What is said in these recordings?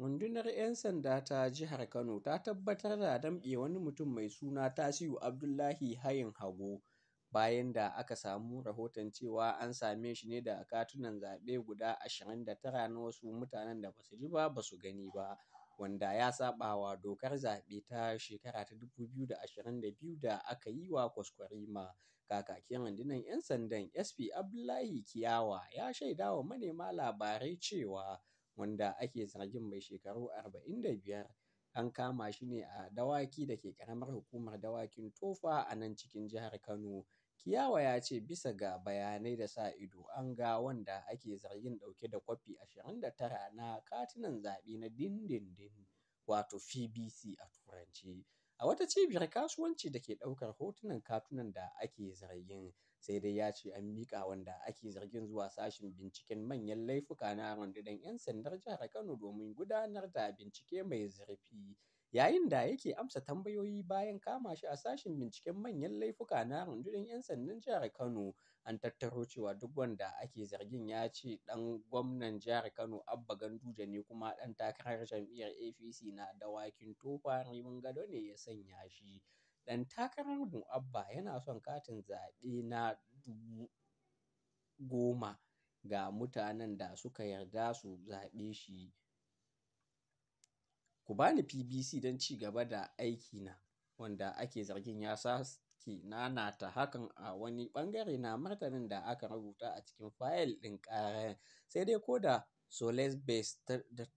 Rundunar ‘Yan Sanda ta Jihar Kano ta tabbatar da damƙe wani mutum mai suna Tasiu Abdullahi Hayin Hago bayan da aka samu rahoton cewa an same shi ne da katunan zaɓe guda 29 na wasu mutanen da basu ji ba basu gani ba, wanda ya saɓa wa dokar zaɓe ta shekara ta 2022 da aka yi wa kwaskwarima. Kakakin rundunar ‘yan sandan SP Abdullahi Kiyawa ya shaidawa manema labarai cewa wanda ake zargin mai shekaru biyar an kama shi ne a dawaki da ke ƙaramar hukumar dawakin tofa a nan cikin jihar kano kiyawa ya ce bisa ga bayanai da sa ido an ga wanda ake zargin ɗauke da kwafi tara na katinan zaɓe na dindindin wato pbc a turanci a wata cibiyar kasuwanci da ke ɗaukar hotunan katunan da ake zargin sai dai ya ce an miƙa wanda ake zargin zuwa sashin binciken manyan laifuka na rundunar 'yan sandar jihar kano domin gudanar da bincike mai zurfi yayin da yake amsa tambayoyi bayan kama shi a sashen binciken manyan laifuka na rundunar 'yan sandan jihar Kano an tattaro cewa duk wanda ake zargin ya ce dan gwamnan jihar Kano Abba Ganduje ne kuma ɗan takarar jam'iyyar APC na dawakin tofa Rimin Gado ne ya sanya shi Ɗan takarar mu Abba yana son katin zaɓe na dubu goma ga mutanen da suka yarda su zaɓe shi Ku ba ni PBC don ci gaba da aikina, wanda ake zargin ya sake nanata hakan a wani ɓangare na martanin da aka rubuta a cikin fayil ɗin ƙarar, sai dai ko da Solace Base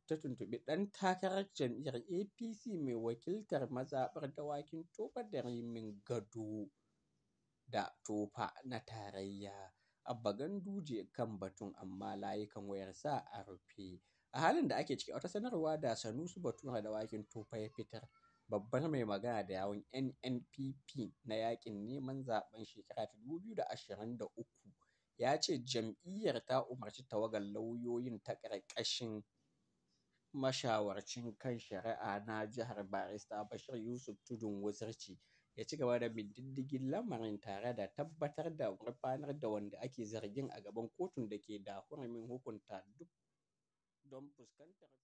ta tuntuɓi ɗan takarar jam'iyyar APC mai wakiltar mazaɓar Dawakin Tofa da Rimin Gado da Tofa na tarayya, Abba duje kan batun amma layukan wayar sa a rufe. a halin da ake ciki wata sanarwa da sanusi batura da wakin tufa ya fitar babbar mai magana da yawon nnpp na yakin neman zaben shekara ta 2023 ya ce jam'iyyar ta umarci tawagar lauyoyin ta ƙarƙashin mashawarcin kan shari'a na jihar barista bashir yusuf tudun wuzirci ya ci gaba da bindiddigin lamarin tare da tabbatar da gurfanar da wanda ake zargin a gaban kotun da ke da hukunta duk don pues, canter.